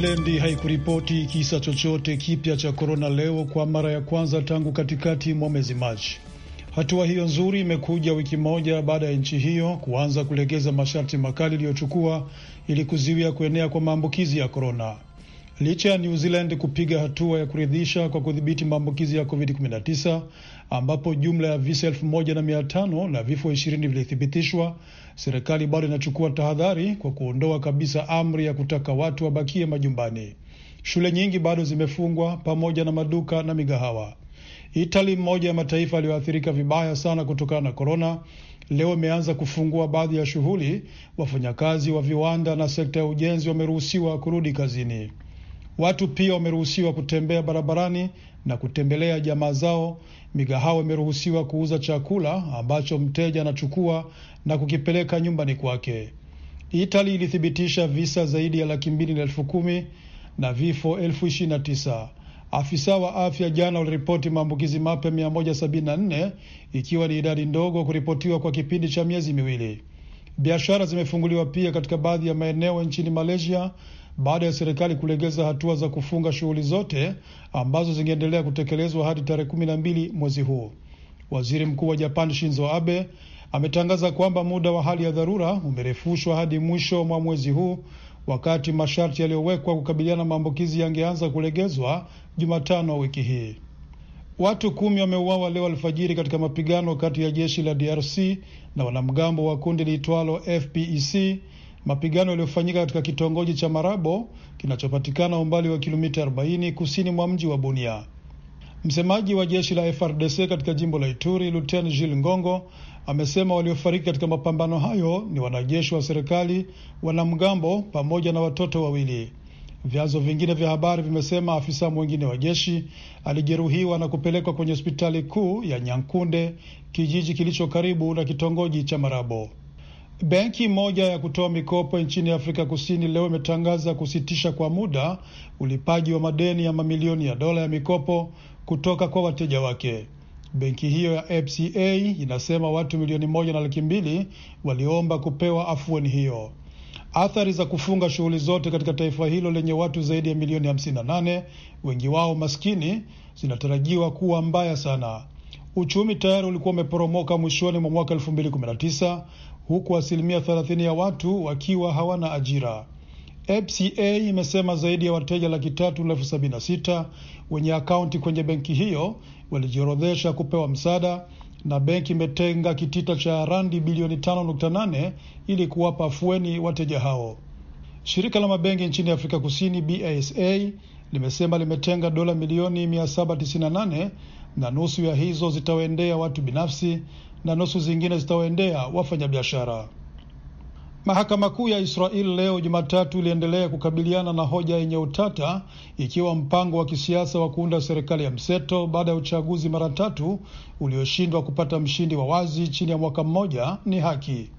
Thailand haikuripoti kisa chochote kipya cha korona leo kwa mara ya kwanza tangu katikati mwa mwezi Machi. Hatua hiyo nzuri imekuja wiki moja baada ya nchi hiyo kuanza kulegeza masharti makali iliyochukua ili kuzuia kuenea kwa maambukizi ya korona. Licha ya New Zealand kupiga hatua ya kuridhisha kwa kudhibiti maambukizi ya COVID-19, ambapo jumla ya visa elfu moja na mia tano na vifo ishirini vilithibitishwa, serikali bado inachukua tahadhari kwa kuondoa kabisa amri ya kutaka watu wabakie majumbani. Shule nyingi bado zimefungwa pamoja na maduka na migahawa. Itali, mmoja ya mataifa yaliyoathirika vibaya sana kutokana na korona, leo imeanza kufungua baadhi ya shughuli. Wafanyakazi wa viwanda na sekta ya ujenzi wameruhusiwa kurudi kazini. Watu pia wameruhusiwa kutembea barabarani na kutembelea jamaa zao, migahawa imeruhusiwa kuuza chakula ambacho mteja anachukua na kukipeleka nyumbani kwake. Itali ilithibitisha visa zaidi ya laki mbili na elfu kumi na vifo elfu ishirini na tisa. Afisa wa afya jana waliripoti maambukizi mapya nne ikiwa ni idadi ndogo kuripotiwa kwa kipindi cha miezi miwili. Biashara zimefunguliwa pia katika baadhi ya maeneo nchini Malaysia baada ya serikali kulegeza hatua za kufunga shughuli zote ambazo zingeendelea kutekelezwa hadi tarehe kumi na mbili mwezi huu. Waziri Mkuu wa Japan Shinzo Abe ametangaza kwamba muda wa hali ya dharura umerefushwa hadi mwisho mwa mwezi huu, wakati masharti yaliyowekwa kukabiliana na maambukizi yangeanza kulegezwa Jumatano wiki hii. Watu kumi wameuawa leo alfajiri katika mapigano kati ya jeshi la DRC na wanamgambo wa kundi liitwalo FPEC Mapigano yaliyofanyika katika kitongoji cha Marabo kinachopatikana umbali wa kilomita 40 kusini mwa mji wa Bunia. Msemaji wa jeshi la FRDC katika jimbo la Ituri, Luteni Jil Ngongo, amesema waliofariki katika mapambano hayo ni wanajeshi wa serikali, wanamgambo pamoja na watoto wawili. Vyanzo vingine vya habari vimesema afisa mwingine wa jeshi alijeruhiwa na kupelekwa kwenye hospitali kuu ya Nyankunde, kijiji kilicho karibu na kitongoji cha Marabo. Benki moja ya kutoa mikopo nchini Afrika Kusini leo imetangaza kusitisha kwa muda ulipaji wa madeni ya mamilioni ya dola ya mikopo kutoka kwa wateja wake. Benki hiyo ya FCA inasema watu milioni moja na laki mbili waliomba kupewa afueni hiyo. Athari za kufunga shughuli zote katika taifa hilo lenye watu zaidi ya milioni 58, wengi wao maskini, zinatarajiwa kuwa mbaya sana. Uchumi tayari ulikuwa umeporomoka mwishoni mwa mwaka 2019 huku asilimia 30 ya watu wakiwa hawana ajira. FCA imesema zaidi ya wateja laki tatu elfu sabini na sita wenye akaunti kwenye benki hiyo walijiorodhesha kupewa msaada na benki imetenga kitita cha randi bilioni 5.8 ili kuwapa afueni wateja hao. Shirika la mabenki nchini Afrika Kusini BASA limesema limetenga dola milioni 798 na nusu ya hizo zitawaendea watu binafsi na nusu zingine zitawaendea wafanyabiashara. Mahakama Kuu ya Israel leo Jumatatu iliendelea kukabiliana na hoja yenye utata ikiwa mpango wa kisiasa wa kuunda serikali ya mseto baada ya uchaguzi mara tatu ulioshindwa kupata mshindi wa wazi chini ya mwaka mmoja ni haki.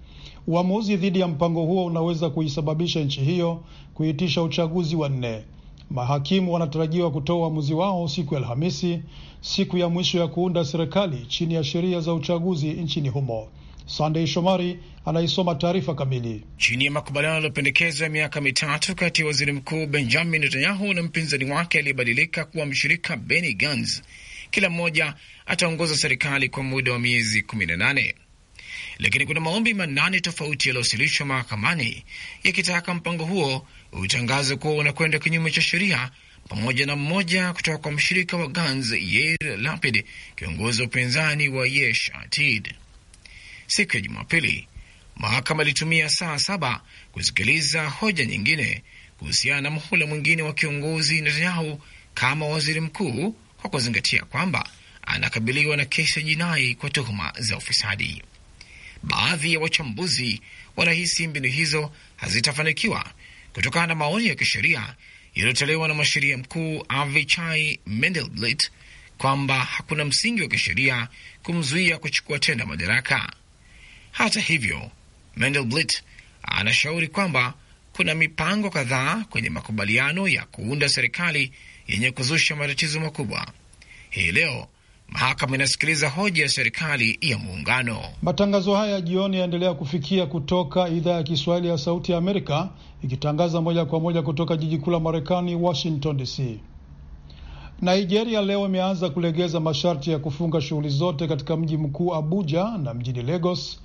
Uamuzi dhidi ya mpango huo unaweza kuisababisha nchi hiyo kuitisha uchaguzi wa nne. Mahakimu wanatarajiwa kutoa uamuzi wao siku ya Alhamisi, siku ya mwisho ya kuunda serikali chini ya sheria za uchaguzi nchini humo. sandey Shomari anaisoma taarifa kamili. Chini ya makubaliano yaliyopendekezwa ya miaka mitatu kati ya waziri mkuu Benjamin Netanyahu na mpinzani wake aliyebadilika kuwa mshirika Benny Gantz, kila mmoja ataongoza serikali kwa muda wa miezi 18 lakini kuna maombi manane tofauti yaliyowasilishwa mahakamani yakitaka mpango huo ulitangaza kuwa unakwenda kinyume cha sheria, pamoja na mmoja kutoka kwa mshirika wa Gans Yair Lapid, kiongozi wa upinzani wa Yesh Atid. Siku ya Jumapili, mahakama ilitumia saa saba kusikiliza hoja nyingine kuhusiana na muhula mwingine wa kiongozi Netanyahu kama waziri mkuu, kwa kuzingatia kwamba anakabiliwa na kesi ya jinai kwa tuhuma za ufisadi. Baadhi ya wachambuzi wanahisi mbinu hizo hazitafanikiwa kutokana na maoni ya kisheria yaliyotolewa na mwanasheria mkuu Avichai Mendelblit kwamba hakuna msingi wa kisheria kumzuia kuchukua tena madaraka. Hata hivyo, Mendelblit anashauri kwamba kuna mipango kadhaa kwenye makubaliano ya kuunda serikali yenye kuzusha matatizo makubwa. Hii leo Mahakama inasikiliza hoja ya serikali ya muungano. Matangazo haya ya jioni yaendelea kufikia kutoka idhaa ya Kiswahili ya Sauti ya Amerika, ikitangaza moja kwa moja kutoka jiji kuu la Marekani, Washington DC. Nigeria leo imeanza kulegeza masharti ya kufunga shughuli zote katika mji mkuu Abuja na mjini Lagos,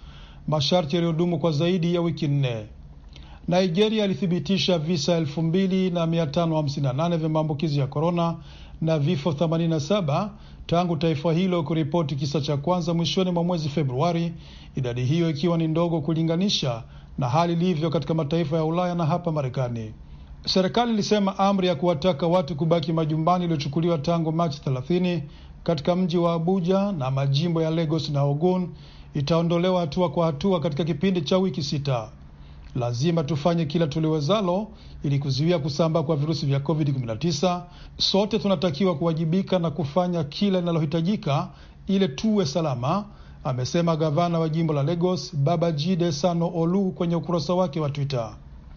masharti yaliyodumu kwa zaidi ya wiki nne. Nigeria ilithibitisha visa 2558 vya maambukizi ya korona na vifo tangu taifa hilo kuripoti kisa cha kwanza mwishoni mwa mwezi Februari, idadi hiyo ikiwa ni ndogo kulinganisha na hali ilivyo katika mataifa ya Ulaya na hapa Marekani. Serikali ilisema amri ya kuwataka watu kubaki majumbani iliyochukuliwa tangu Machi 30 katika mji wa Abuja na majimbo ya Lagos na Ogun itaondolewa hatua kwa hatua katika kipindi cha wiki sita. Lazima tufanye kila tuliwezalo ili kuzuia kusambaa kwa virusi vya COVID-19. Sote tunatakiwa kuwajibika na kufanya kila linalohitajika ili tuwe salama, amesema gavana wa jimbo la Lagos Babajide Sano Olu kwenye ukurasa wake wa Twitter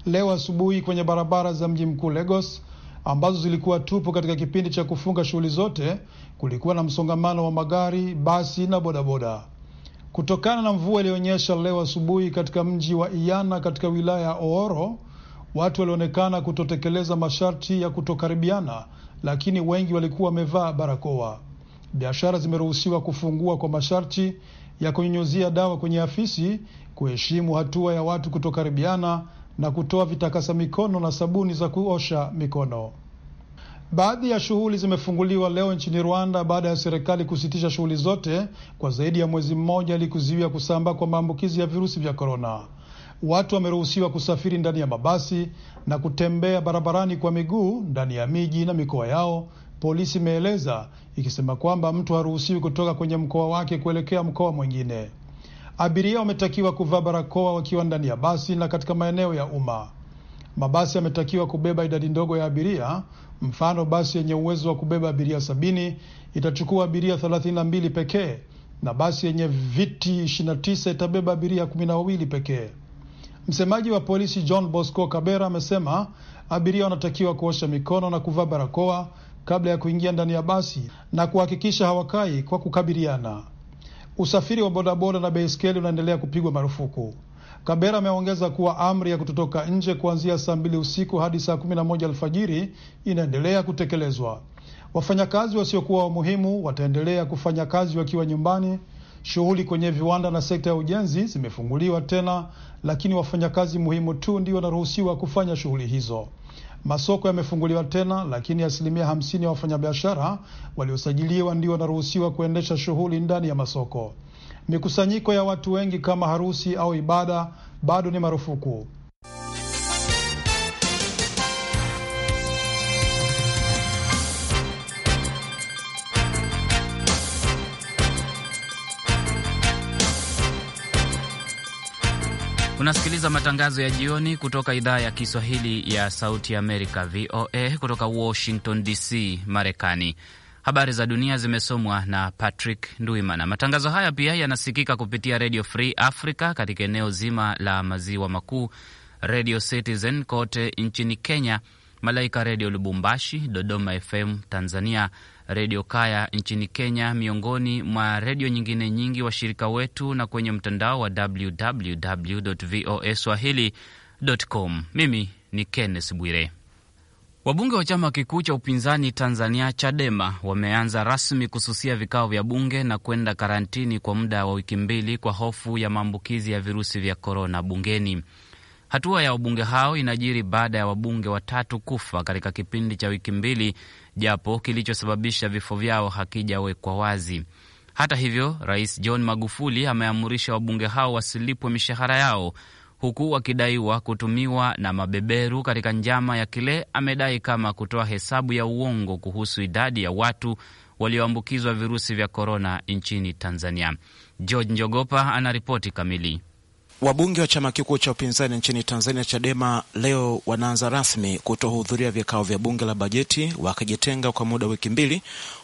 leo asubuhi kwenye barabara za mji mkuu Lagos ambazo zilikuwa tupu katika kipindi cha kufunga shughuli zote, kulikuwa na msongamano wa magari, basi na bodaboda kutokana na mvua iliyonyesha leo asubuhi katika mji wa Iana katika wilaya ya Ooro. Watu walionekana kutotekeleza masharti ya kutokaribiana, lakini wengi walikuwa wamevaa barakoa. Biashara zimeruhusiwa kufungua kwa masharti ya kunyunyuzia dawa kwenye afisi, kuheshimu hatua ya watu kutokaribiana na kutoa vitakasa mikono na sabuni za kuosha mikono. Baadhi ya shughuli zimefunguliwa leo nchini Rwanda baada ya serikali kusitisha shughuli zote kwa zaidi ya mwezi mmoja ili kuzuia kusambaa kwa maambukizi ya virusi vya korona. Watu wameruhusiwa kusafiri ndani ya mabasi na kutembea barabarani kwa miguu ndani ya miji na mikoa yao, polisi imeeleza ikisema kwamba mtu haruhusiwi kutoka kwenye mkoa wake kuelekea mkoa mwingine. Abiria wametakiwa kuvaa barakoa wakiwa ndani ya basi na katika maeneo ya umma. Mabasi yametakiwa kubeba idadi ndogo ya abiria Mfano, basi yenye uwezo wa kubeba abiria sabini itachukua abiria thelathini na mbili pekee na basi yenye viti ishirini na tisa itabeba abiria kumi na wawili pekee. Msemaji wa polisi John Bosco Kabera amesema abiria wanatakiwa kuosha mikono na kuvaa barakoa kabla ya kuingia ndani ya basi na kuhakikisha hawakai kwa kukabiliana. Usafiri wa bodaboda na baiskeli unaendelea kupigwa marufuku. Kabera ameongeza kuwa amri ya kutotoka nje kuanzia saa mbili usiku hadi saa kumi na moja alfajiri inaendelea kutekelezwa. Wafanyakazi wasiokuwa wamuhimu wataendelea kufanya kazi wakiwa nyumbani. Shughuli kwenye viwanda na sekta ya ujenzi zimefunguliwa tena, lakini wafanyakazi muhimu tu ndio wanaruhusiwa kufanya shughuli hizo. Masoko yamefunguliwa tena, lakini asilimia hamsini ya wafanyabiashara waliosajiliwa ndio wanaruhusiwa kuendesha shughuli ndani ya masoko. Mikusanyiko ya watu wengi kama harusi au ibada bado ni marufuku. Unasikiliza matangazo ya jioni kutoka idhaa ya Kiswahili ya Sauti ya Amerika, VOA, kutoka Washington DC, Marekani. Habari za dunia zimesomwa na Patrick Nduimana. Matangazo haya pia yanasikika kupitia Radio Free Africa katika eneo zima la maziwa makuu, Radio Citizen kote nchini Kenya, Malaika Redio Lubumbashi, Dodoma FM Tanzania, Redio Kaya nchini Kenya, miongoni mwa redio nyingine nyingi washirika wetu, na kwenye mtandao wa www voa swahili com. Mimi ni Kenneth Bwire. Wabunge wa chama kikuu cha upinzani Tanzania, Chadema, wameanza rasmi kususia vikao vya bunge na kwenda karantini kwa muda wa wiki mbili kwa hofu ya maambukizi ya virusi vya korona bungeni. Hatua ya wabunge hao inajiri baada ya wabunge watatu kufa katika kipindi cha wiki mbili, japo kilichosababisha vifo vyao hakijawekwa wazi. Hata hivyo, Rais John Magufuli ameamurisha wabunge hao wasilipwe mishahara yao huku akidaiwa kutumiwa na mabeberu katika njama ya kile amedai kama kutoa hesabu ya uongo kuhusu idadi ya watu walioambukizwa virusi vya korona nchini Tanzania. George Njogopa anaripoti kamili. Wabunge wa chama kikuu cha upinzani nchini Tanzania, Chadema, leo wanaanza rasmi kutohudhuria vikao vya bunge la bajeti, wakijitenga kwa muda wiki mbili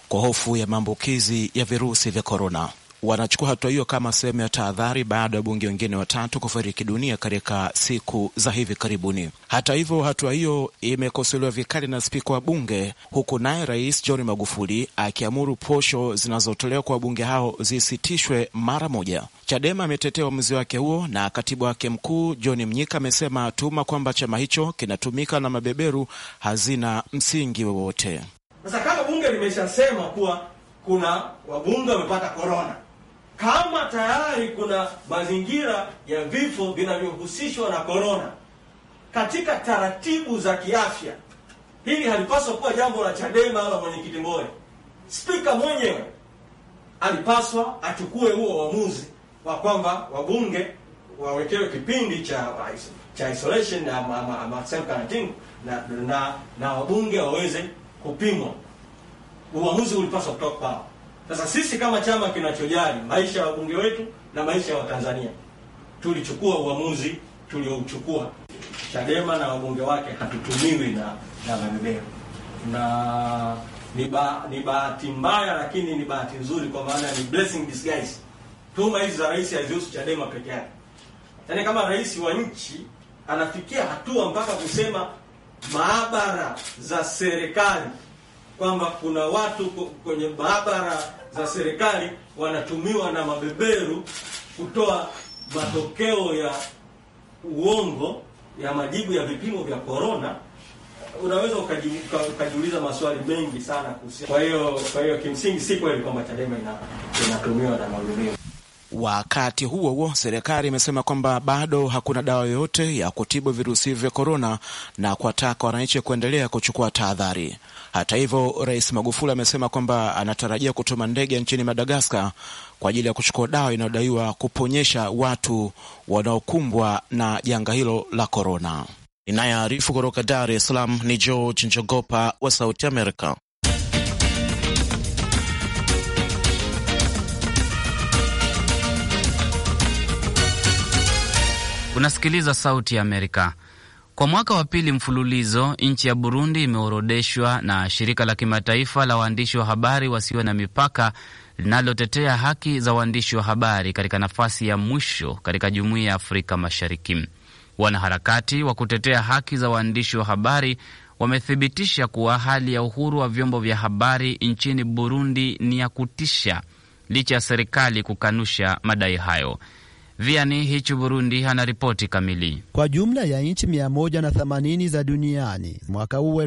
kwa hofu ya maambukizi ya virusi vya korona wanachukua hatua hiyo kama sehemu ya tahadhari baada ya wabunge wengine watatu kufariki dunia katika siku za hivi karibuni. Hata hivyo, hatua hiyo imekosolewa vikali na spika wa bunge, huku naye Rais John Magufuli akiamuru posho zinazotolewa kwa wabunge hao zisitishwe mara moja. Chadema ametetea uamuzi wake huo, na katibu wake mkuu John Mnyika amesema tuma kwamba chama hicho kinatumika na mabeberu hazina msingi wowote. Sasa kama bunge limeshasema kuwa kuna wabunge wamepata korona kama tayari kuna mazingira ya vifo vinavyohusishwa na korona katika taratibu za kiafya, hili halipaswa kuwa jambo la Chadema wala mwenyekiti Mbowe. Spika mwenyewe alipaswa achukue huo uamuzi wa kwamba wabunge wawekewe kipindi cha cha isolation na ama, ama self quarantine na, na, na wabunge waweze kupimwa. Uamuzi ulipaswa kutoka kwao. Sasa sisi kama chama kinachojali maisha ya wabunge wetu na maisha ya Watanzania tulichukua uamuzi tuliouchukua. Chadema na wabunge wake hatutumiwi na na mabeberu, na ni bahati mbaya, lakini ni bahati nzuri, kwa maana ni blessing disguise. Tuma hizi za rais hazihusu Chadema peke yake. Yaani kama rais wa nchi anafikia hatua mpaka kusema maabara za serikali kwamba kuna watu kwenye barabara za serikali wanatumiwa na mabeberu kutoa matokeo ya uongo ya majibu ya vipimo vya korona. Unaweza ukajiuliza maswali mengi sana kuhusu. Kwa hiyo kwa hiyo kimsingi si kweli kwamba Chadema inatumiwa na mabeberu. Wakati huo huo, serikali imesema kwamba bado hakuna dawa yoyote ya kutibu virusi vya korona na kuwataka wananchi kuendelea kuchukua tahadhari. Hata hivyo, Rais Magufuli amesema kwamba anatarajia kutuma ndege nchini Madagaskar kwa ajili ya kuchukua dawa inayodaiwa kuponyesha watu wanaokumbwa na janga hilo la korona. Inayoarifu kutoka Dar es Salaam ni George Njogopa wa Sauti Amerika. Unasikiliza Sauti ya Amerika. Kwa mwaka wa pili mfululizo, nchi ya Burundi imeorodeshwa na shirika la kimataifa la waandishi wa habari wasio na mipaka linalotetea haki za waandishi wa habari katika nafasi ya mwisho katika jumuiya ya Afrika Mashariki. Wanaharakati wa kutetea haki za waandishi wa habari wamethibitisha kuwa hali ya uhuru wa vyombo vya habari nchini Burundi ni ya kutisha licha ya serikali kukanusha madai hayo. Viani hichi Burundi ripoti kamili. Kwa jumla ya nchi thamanini za duniani mwaka huu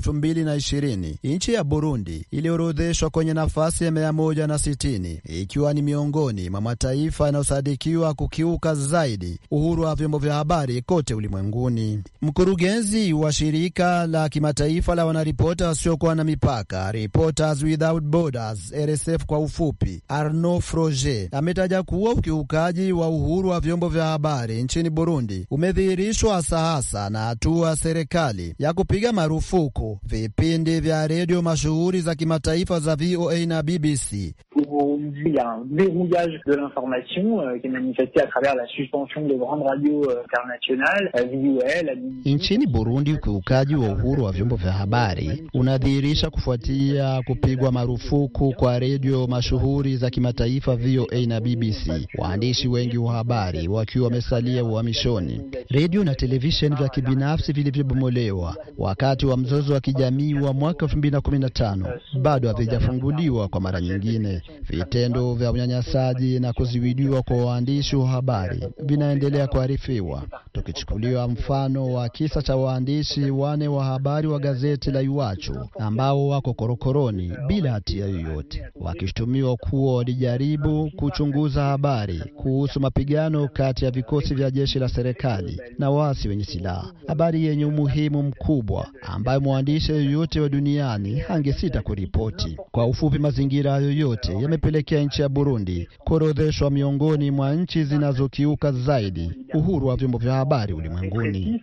ishirini nchi ya Burundi iliorodheshwa kwenye nafasi ya na sitini ikiwa ni miongoni mwa mataifa yanayosadikiwa kukiuka zaidi uhuru wa vyombo vya habari kote ulimwenguni. Mkurugenzi wa shirika la kimataifa la wanaripota wasiokuwa na mipaka, Reporters Without Borders, RSF kwa ufupi, Arnaud Froger ametaja kuwa ukiukaji wa uhuru wa wa vyombo vya habari nchini Burundi umedhihirishwa hasa hasa na hatua ya serikali ya kupiga marufuku vipindi vya redio mashuhuri za kimataifa za VOA na BBC il y a un verrouillage de l'information euh, qui est manifesté à travers la suspension de grandes radios euh, internationales, VUL. Nchini Burundi, ukiukaji wa uhuru wa vyombo vya habari unadhihirisha kufuatia kupigwa marufuku kwa redio mashuhuri za kimataifa VOA na BBC, waandishi wengi wa habari wakiwa wamesalia uhamishoni, redio na televisheni vya kibinafsi vilivyobomolewa wakati wa mzozo wa kijamii wa mwaka 2015 bado havijafunguliwa kwa mara nyingine. Vitendo vya unyanyasaji na kuziwidiwa kwa waandishi wa habari vinaendelea kuarifiwa, tukichukuliwa mfano wa kisa cha waandishi wane wa habari wa gazeti la Iwachu ambao wako korokoroni bila hatia yoyote, wakishutumiwa kuwa walijaribu kuchunguza habari kuhusu mapigano kati ya vikosi vya jeshi la serikali na waasi wenye silaha, habari yenye umuhimu mkubwa ambayo mwandishi yoyote wa duniani angesita kuripoti. Kwa ufupi, mazingira yoyote yame imepelekea nchi ya Burundi kuorodheshwa miongoni mwa nchi zinazokiuka zaidi uhuru wa vyombo vya habari ulimwenguni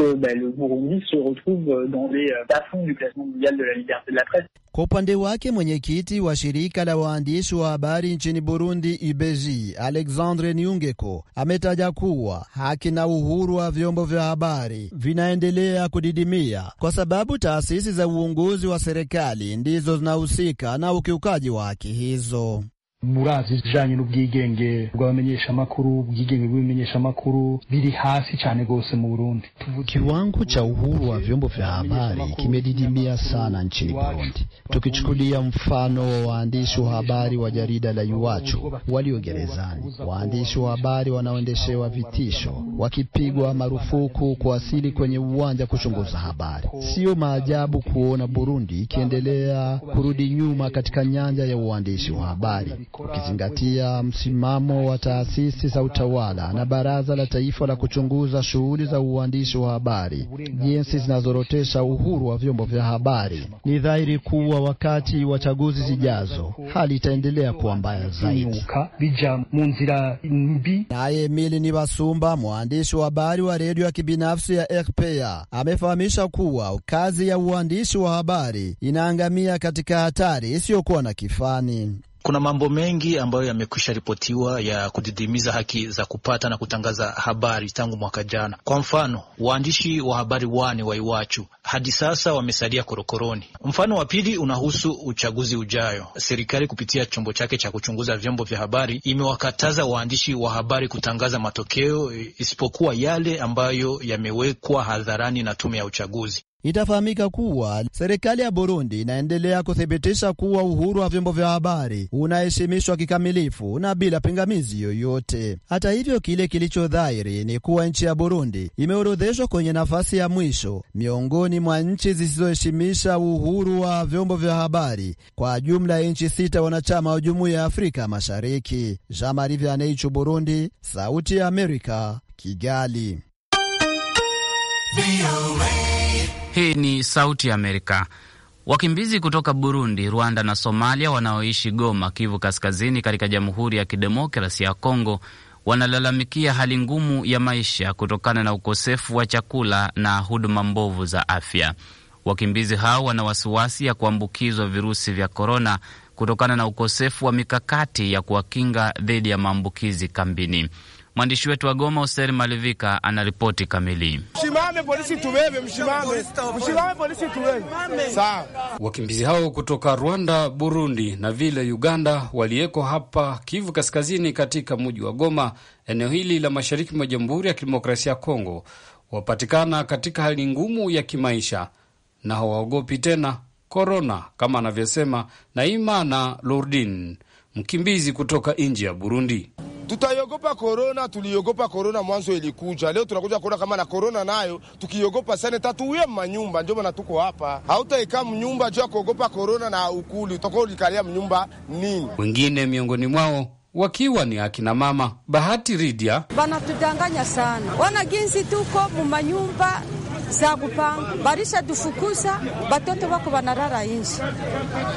que bah, le Burundi se retrouve euh, dans les euh, bas-fonds du classement mondial de la liberté de la presse. Kwa upande wake mwenyekiti wa shirika la waandishi wa habari nchini Burundi IBEJI, Alexandre Niungeko, ametaja kuwa haki na uhuru wa vyombo vya habari vinaendelea kudidimia kwa sababu taasisi za uongozi wa serikali ndizo zinahusika na ukiukaji wa haki hizo murazi zijanye n'ubwigenge bw'abamenyeshamakuru ubwigenge makuru biri hasi cyane gose mu Burundi. Kiwango cha uhuru wa vyombo vya habari kimedidimia sana nchini Burundi, tukichukulia mfano wa waandishi wa habari wa jarida la Iwachu walio gerezani, waandishi wa habari wanaoendeshewa vitisho, wakipigwa marufuku kuasili kwenye uwanja kuchunguza habari. Sio maajabu kuona Burundi ikiendelea kurudi nyuma katika nyanja ya uandishi wa habari ukizingatia msimamo wa taasisi za utawala na Baraza la Taifa la kuchunguza shughuli za uandishi wa habari, jinsi zinazorotesha uhuru wa vyombo vya habari. Ni dhahiri kuwa wakati wa chaguzi zijazo hali itaendelea kuwa mbaya zaidi. Naye Emili ni Basumba, mwandishi wa habari wa redio ya kibinafsi ya RPA, amefahamisha kuwa kazi ya uandishi wa habari inaangamia katika hatari isiyokuwa na kifani. Kuna mambo mengi ambayo yamekwisha ripotiwa ya kudidimiza haki za kupata na kutangaza habari tangu mwaka jana. Kwa mfano, waandishi wa habari wane wa Iwachu hadi sasa wamesalia korokoroni. Mfano wa pili unahusu uchaguzi ujayo. Serikali kupitia chombo chake cha kuchunguza vyombo vya habari imewakataza waandishi wa habari kutangaza matokeo isipokuwa yale ambayo yamewekwa hadharani na tume ya uchaguzi. Itafahamika kuwa serikali ya Burundi inaendelea kuthibitisha kuwa uhuru wa vyombo vya habari unaheshimishwa kikamilifu na bila pingamizi yoyote. Hata hivyo, kile kilicho dhahiri ni kuwa nchi ya Burundi imeorodheshwa kwenye nafasi ya mwisho miongoni mwa nchi zisizoheshimisha uhuru wa vyombo vya habari kwa jumla ya nchi sita wanachama wa Jumuiya ya Afrika Mashariki. Burundi, Sauti ya Amerika, Kigali. Hii ni Sauti ya Amerika. Wakimbizi kutoka Burundi, Rwanda na Somalia wanaoishi Goma, Kivu Kaskazini, katika Jamhuri ya Kidemokrasi ya Kongo wanalalamikia hali ngumu ya maisha kutokana na ukosefu wa chakula na huduma mbovu za afya. Wakimbizi hao wana wasiwasi ya kuambukizwa virusi vya korona kutokana na ukosefu wa mikakati ya kuwakinga dhidi ya maambukizi kambini. Mwandishi wetu wa Goma, Oser Malivika, anaripoti kamili. Mshimame polisi, Mshimame, mshimame polisi, Sawa. Wakimbizi hao kutoka Rwanda, Burundi na vile Uganda waliyeko hapa Kivu Kaskazini, katika muji wa Goma, eneo hili la mashariki mwa Jamhuri ya Kidemokrasia ya Kongo, wapatikana katika hali ngumu ya kimaisha na hawaogopi tena korona, kama anavyosema Naimana Lurdin mkimbizi kutoka nje ya Burundi. Tutaiogopa korona, tuliogopa korona mwanzo ilikuja. Leo tunakuja kuona kama na korona nayo tukiogopa sana, tatuuye manyumba. Ndio maana tuko hapa, hautaikaa mnyumba juu ya kuogopa korona na ukuli utakuwa ulikalia mnyumba nini. Wengine miongoni mwao wakiwa ni akina mama. Bahati Ridia, wanatudanganya sana, wana ginsi tuko mumanyumba za kupanga barisha tufukuza batoto bako banarara inji,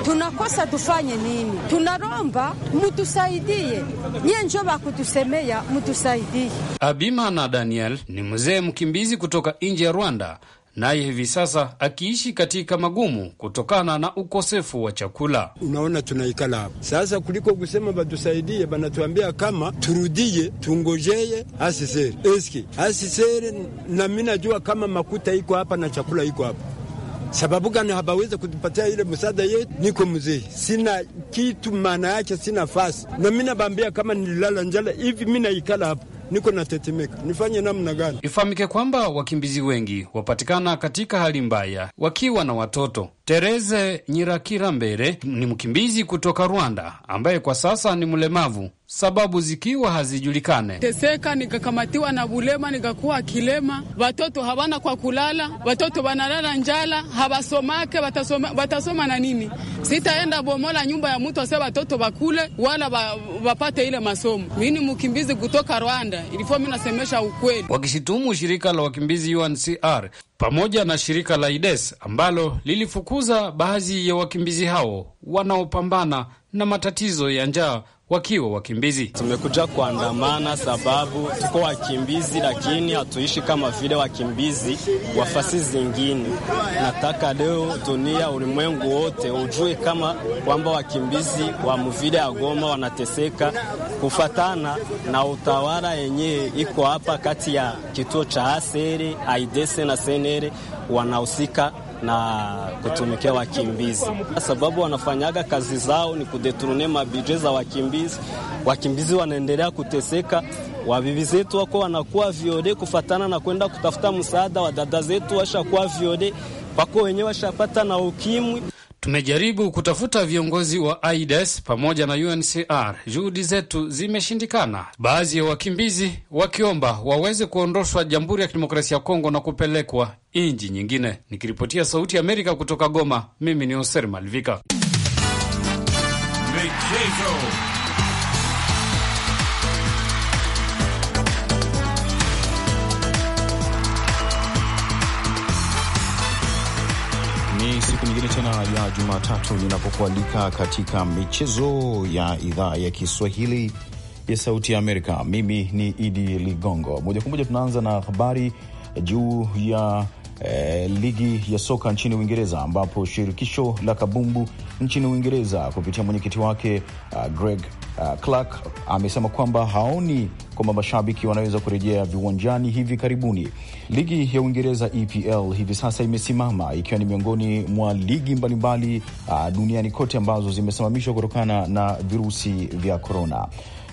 tunakosa tufanye nini? Tunaromba mutusaidie, nye njo bakutusemeya, mutusaidie. Abimana Daniel ni mzee mkimbizi kutoka nje ya Rwanda naye hivi sasa akiishi katika magumu kutokana na ukosefu wa chakula. Unaona, tunaikala hapa sasa kuliko kusema batusaidie, banatuambia kama turudie tungojeye asisere eski asisere, na mi najua kama makuta iko hapa na chakula iko hapa sababu gani habaweza kutupatia ile msaada yetu? Niko mzee, sina kitu, maana yake sina fasi, na mi nabambia kama nililala njala hivi, mi naikala hapa niko natetemeka, nifanye namna gani? Ifahamike kwamba wakimbizi wengi wapatikana katika hali mbaya wakiwa na watoto. Tereze Mbere ni mkimbizi kutoka Rwanda ambaye kwa sasa ni mlemavu sababu zikiwa hazijulikane. Teseka nikakamatiwa na bulema, nikakuwa kilema, watoto hawana kwa kulala, watoto wanalala njala, hawasomake. Watasoma, batasoma na nini? Sitaenda bomola nyumba ya mtu ase watoto wakule wala wapate ile masomo. Mimi mkimbizi kutoka Rwanda, ilifo mimi nasemesha ukweli. Wakishitumu shirika la wakimbizi UNHCR pamoja na shirika la IDES ambalo lilifukuza baadhi ya wakimbizi hao wanaopambana na matatizo ya njaa wakiwa wakimbizi. Tumekuja kuandamana sababu tuko wakimbizi, lakini hatuishi kama vile wakimbizi wa fasi zingine. Nataka leo dunia, ulimwengu wote ujue kama kwamba wakimbizi wa muvile ya Goma wanateseka kufatana na utawala yenyewe iko hapa kati ya kituo cha aseri aidese na senere wanahusika na kutumikia wakimbizi, sababu wanafanyaga kazi zao ni kudeturune mabije za wakimbizi. Wakimbizi wanaendelea kuteseka, wabibi zetu wako wanakuwa viode kufatana na kwenda kutafuta msaada, wadada zetu washakuwa viode pako wenyewe washapata na ukimwi. Tumejaribu kutafuta viongozi wa ids e pamoja na UNHCR, juhudi zetu zimeshindikana. Baadhi ya wakimbizi wakiomba waweze kuondoshwa Jamhuri ya Kidemokrasia ya Kongo na kupelekwa nchi nyingine. Nikiripotia Sauti ya Amerika kutoka Goma, mimi ni Oser Malvika. Michezo. nyingine tena ya Jumatatu ninapokualika katika michezo ya idhaa ya Kiswahili ya Sauti ya Amerika. Mimi ni Idi Ligongo. Moja kwa moja tunaanza na habari juu ya eh, ligi ya soka nchini Uingereza, ambapo shirikisho la kabumbu nchini Uingereza kupitia mwenyekiti wake uh, Greg uh, Clark amesema kwamba haoni kwamba mashabiki wanaweza kurejea viwanjani hivi karibuni. Ligi ya Uingereza EPL hivi sasa imesimama ikiwa ni miongoni mwa ligi mbalimbali uh, duniani kote ambazo zimesimamishwa kutokana na virusi vya korona.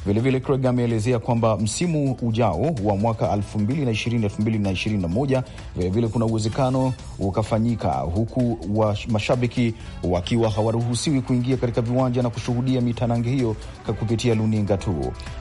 Vilevile Craig ameelezea kwamba msimu ujao wa mwaka 2020 2021 vilevile kuna uwezekano ukafanyika, huku wa mashabiki wakiwa hawaruhusiwi kuingia katika viwanja na kushuhudia mitanange hiyo kupitia luninga tu.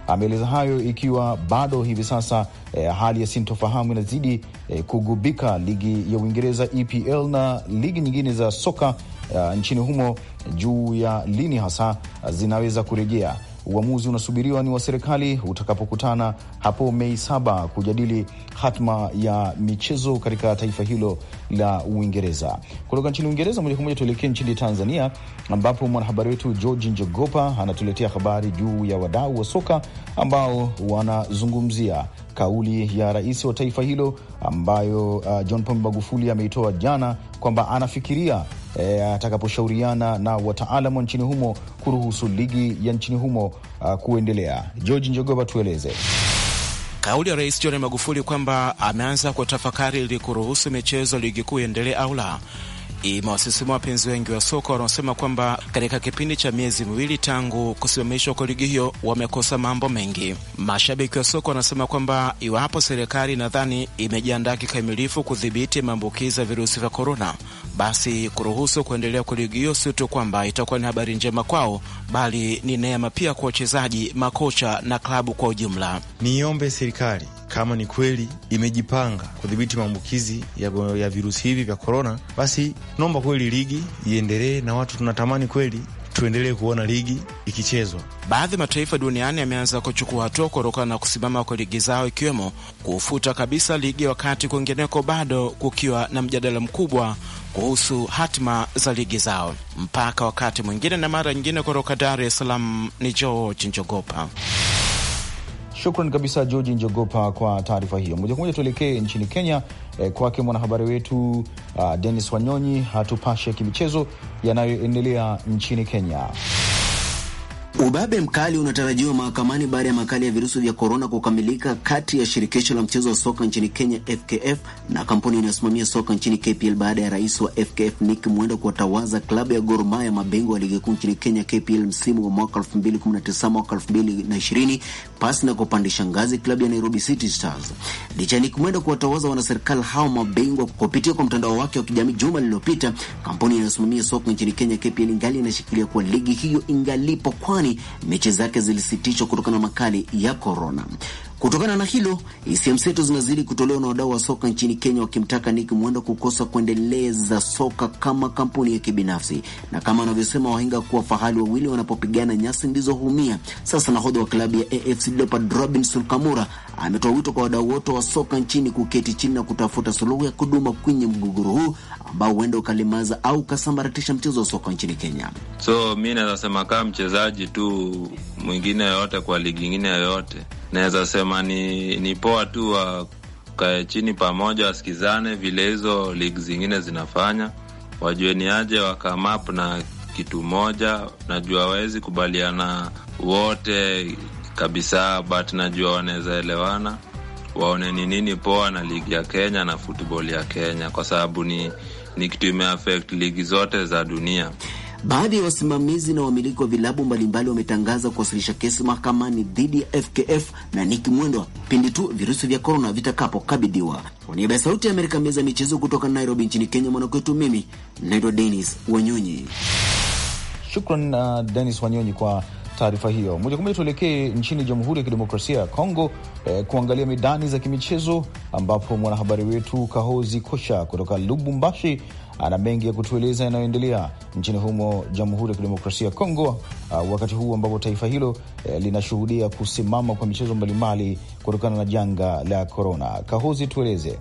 Ameeleza hayo ikiwa bado hivi sasa eh, hali ya sintofahamu inazidi eh, kugubika ligi ya Uingereza EPL na ligi nyingine za soka uh, nchini humo juu ya lini hasa zinaweza kurejea. Uamuzi unasubiriwa ni wa serikali utakapokutana hapo Mei saba kujadili hatma ya michezo katika taifa hilo la Uingereza. Kutoka nchini Uingereza moja kwa moja tuelekee nchini Tanzania, ambapo mwanahabari wetu Georgi Njogopa anatuletea habari juu ya wadau wa soka ambao wanazungumzia kauli ya rais wa taifa hilo ambayo uh, John Pombe Magufuli ameitoa jana kwamba anafikiria e, atakaposhauriana na wataalamu nchini humo kuruhusu ligi ya nchini humo a, kuendelea. George Njogoba, tueleze kauli ya Rais John Magufuli kwamba ameanza kwa tafakari ili kuruhusu michezo ligi kuu endelea au la imewasisima wapenzi wengi wa soka wanaosema kwamba katika kipindi cha miezi miwili tangu kusimamishwa kwa ligi hiyo wamekosa mambo mengi. Mashabiki wa soka wanasema kwamba iwapo serikali nadhani imejiandaa kikamilifu kudhibiti maambukizi ya virusi vya korona, basi kuruhusu kuendelea kwa ligi hiyo sio tu kwamba itakuwa ni habari njema kwao, bali ni neema pia kwa wachezaji, makocha na klabu kwa ujumla. Niombe serikali kama ni kweli imejipanga kudhibiti maambukizi ya, ya virusi hivi vya korona, basi naomba kweli ligi iendelee, na watu tunatamani kweli tuendelee kuona ligi ikichezwa. Baadhi ya mataifa duniani yameanza kuchukua hatua kutokana na kusimama kwa ligi zao, ikiwemo kufuta kabisa ligi, wakati kwingineko bado kukiwa na mjadala mkubwa kuhusu hatima za ligi zao. Mpaka wakati mwingine na mara nyingine, kutoka Dar es Salaam ni George Njogopa. Shukran kabisa Georgi Njogopa kwa taarifa hiyo. Moja kwa moja tuelekee nchini Kenya, eh, kwake mwanahabari wetu uh, ah, Denis Wanyonyi hatupashe kimichezo yanayoendelea nchini Kenya. Ubabe mkali unatarajiwa mahakamani baada ya makali ya virusi vya korona kukamilika kati ya shirikisho la mchezo wa soka nchini Kenya FKF na kampuni inayosimamia soka nchini KPL baada ya rais wa FKF Nick Mwendo kuwatawaza klabu ya Gor Mahia mabingwa wa ligi kuu nchini Kenya KPL msimu wa mwaka 2019 mwaka 2020 pasi na kupandisha ngazi klabu ya Nairobi City Stars. Licha ya Nick Mwendo kuwatawaza wanaserikali hao mabingwa kupitia kwa mtandao wake wa kijamii juma lililopita, kampuni inayosimamia soka nchini Kenya KPL ingali inashikilia kuwa ligi hiyo ingalipo kwa Ujerumani mechi zake zilisitishwa kutokana na makali ya korona. Kutokana na hilo, hisia mseto zinazidi kutolewa na wadau wa soka nchini Kenya wakimtaka Nick Mwendo kukosa kuendeleza soka kama kampuni ya kibinafsi, na kama anavyosema wahenga kuwa fahali wawili wanapopigana nyasi ndizohumia. Sasa nahodha wa klabu ya AFC Leopards Robinson Kamura ametoa wito kwa wadau wote wa soka nchini kuketi chini na kutafuta suluhu ya kudumu kwenye mgogoro huu ambao huenda ukalimaza au ukasambaratisha mchezo wa soka nchini Kenya. So mi naweza sema kama mchezaji tu mwingine yoyote kwa ligi ingine yoyote naweza sema kusema ni, ni poa tu wakae chini pamoja, wasikizane vile hizo ligi zingine zinafanya, wajue ni aje wakamap na kitu moja. Najua wawezi kubaliana wote kabisa, but najua wanaweza elewana, waone ni nini poa na ligi ya Kenya na football ya Kenya, kwa sababu ni, ni kitu imeaffect ligi zote za dunia. Baadhi ya wasimamizi na wamiliki wa vilabu mbalimbali wametangaza kuwasilisha kesi mahakamani dhidi ya FKF na Nick Mwendwa pindi tu virusi vya korona vitakapokabidiwa. Kwa niaba ya Sauti ya Amerika, meza ya michezo kutoka Nairobi nchini Kenya, mwanakwetu, mimi naitwa Denis Wanyonyi. Shukran uh, Denis Wanyonyi kwa taarifa hiyo. Moja kwa moja tuelekee nchini Jamhuri ya Kidemokrasia ya Kongo eh, kuangalia midani za kimichezo ambapo mwanahabari wetu Kahozi Kosha kutoka Lubumbashi ana mengi ya kutueleza yanayoendelea nchini humo Jamhuri ya Kidemokrasia ya Kongo, uh, wakati huu ambapo taifa hilo eh, linashuhudia kusimama kwa michezo mbalimbali kutokana na janga la korona. Kahozi, tueleze.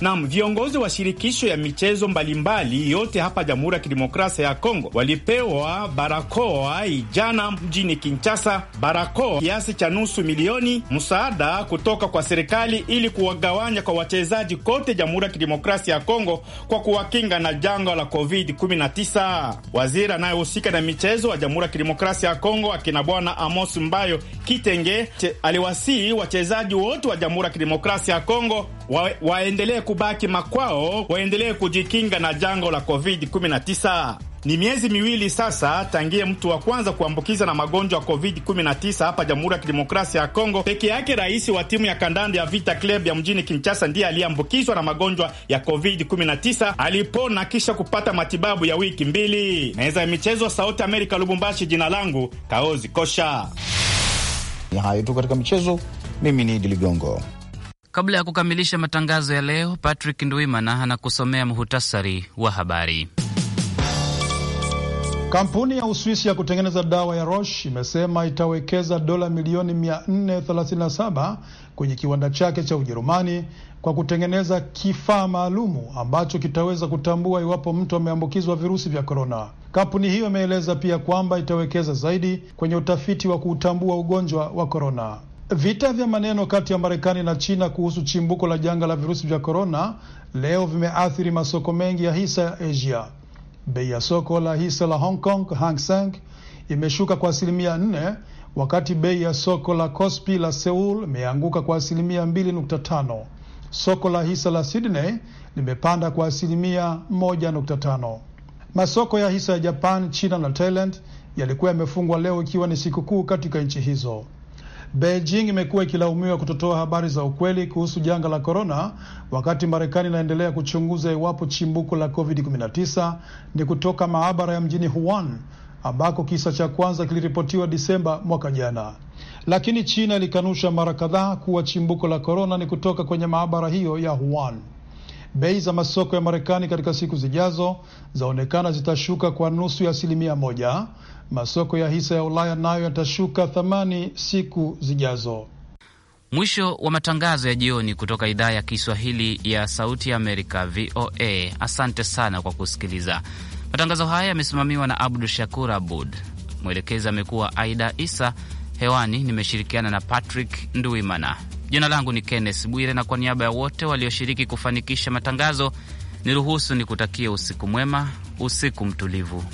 Nam, viongozi wa shirikisho ya michezo mbalimbali yote hapa Jamhuri ya Kidemokrasia ya Kongo walipewa barakoa jana mjini Kinshasa, barakoa kiasi cha nusu milioni msaada kutoka kwa serikali ili kuwagawanya kwa wachezaji kote Jamhuri ya Kidemokrasia ya Kongo kwa kuwakinga na janga la COVID-19. Waziri anayehusika na michezo wa Jamhuri ya Kidemokrasia ya Kongo akina Bwana Amos Mbayo Kitenge aliwasihi wachezaji wote wa Jamhuri ya Kidemokrasia ya Kongo wa, waendelee kubaki makwao waendelee kujikinga na janga la COVID-19. Ni miezi miwili sasa tangie mtu wa kwanza kuambukiza na magonjwa ya COVID-19 hapa Jamhuri ya Kidemokrasia ya Kongo. Peke yake rais wa timu ya kandanda ya Vita Club ya mjini Kinshasa ndiye aliyeambukizwa na magonjwa ya COVID-19, alipona kisha kupata matibabu ya wiki mbili. Meza ya michezo, Sauti Amerika, Lubumbashi. Jina langu Kaozi Kosha. Ni hayo tu katika michezo. Mimi ni Idi Ligongo. Kabla ya kukamilisha matangazo ya leo, Patrick Ndwimana anakusomea muhutasari wa habari. Kampuni ya Uswisi ya kutengeneza dawa ya Roche imesema itawekeza dola milioni 437 kwenye kiwanda chake cha Ujerumani kwa kutengeneza kifaa maalumu ambacho kitaweza kutambua iwapo mtu ameambukizwa virusi vya korona. Kampuni hiyo imeeleza pia kwamba itawekeza zaidi kwenye utafiti wa kuutambua ugonjwa wa korona. Vita vya maneno kati ya Marekani na China kuhusu chimbuko la janga la virusi vya korona leo vimeathiri masoko mengi ya hisa ya Asia. Bei ya soko la hisa la Hong Kong Hang Seng imeshuka kwa asilimia nne wakati bei ya soko la Kospi la Seul imeanguka kwa asilimia mbili nukta tano. Soko la hisa la Sydney limepanda kwa asilimia moja nukta tano. Masoko ya hisa ya Japan, China na Thailand yalikuwa yamefungwa leo ikiwa ni sikukuu katika nchi hizo. Beijing imekuwa ikilaumiwa kutotoa habari za ukweli kuhusu janga la korona, wakati Marekani inaendelea kuchunguza iwapo chimbuko la COVID-19 ni kutoka maabara ya mjini Wuhan ambako kisa cha kwanza kiliripotiwa Disemba mwaka jana. Lakini China ilikanusha mara kadhaa kuwa chimbuko la korona ni kutoka kwenye maabara hiyo ya Wuhan. Bei za masoko ya Marekani katika siku zijazo zaonekana zitashuka kwa nusu ya asilimia moja. Masoko ya hisa ya Ulaya nayo yatashuka thamani siku zijazo. Mwisho wa matangazo ya jioni kutoka idhaa ya Kiswahili ya Sauti ya Amerika, VOA. Asante sana kwa kusikiliza. Matangazo haya yamesimamiwa na Abdu Shakur Abud, mwelekezi amekuwa Aida Isa. Hewani nimeshirikiana na Patrick Nduimana. Jina langu ni Kenneth Bwire, na kwa niaba ya wote walioshiriki kufanikisha matangazo, niruhusu nikutakie usiku mwema, usiku mtulivu.